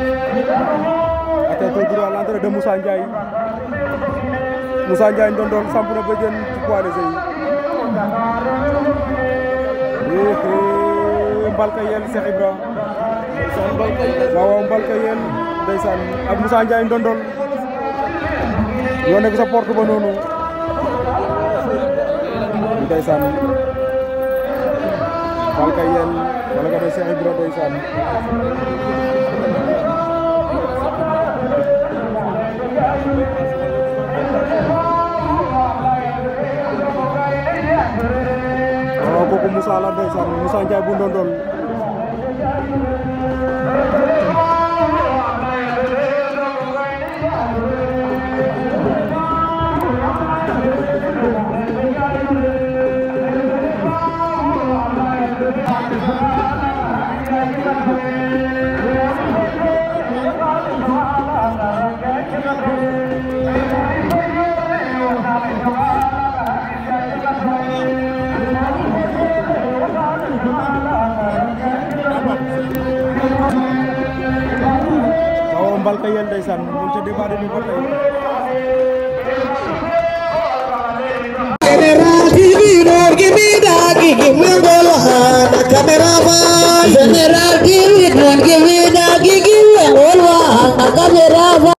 atee tout droit l'entrée de Moussa Ndiaye Moussa Ndiaye ndondoon samp na ba jën ci poids léger yi mbalka yel Cheikh Ibra waaw waaw mbalka yel ndeysaan ndondol yoo nekk sa porte ba noonu ndeysaan mbalka yel wala nga ne Cheikh Ibra bu Moussa la ndeysaan Moussa bu Thank you. mbal ka yel ndeysaan mu ci déparé bi ba tey camera ki bi noor ki bi daagi ki mangol haan camera baan camera ki bi noor ki bi daagi ki mangol haan camera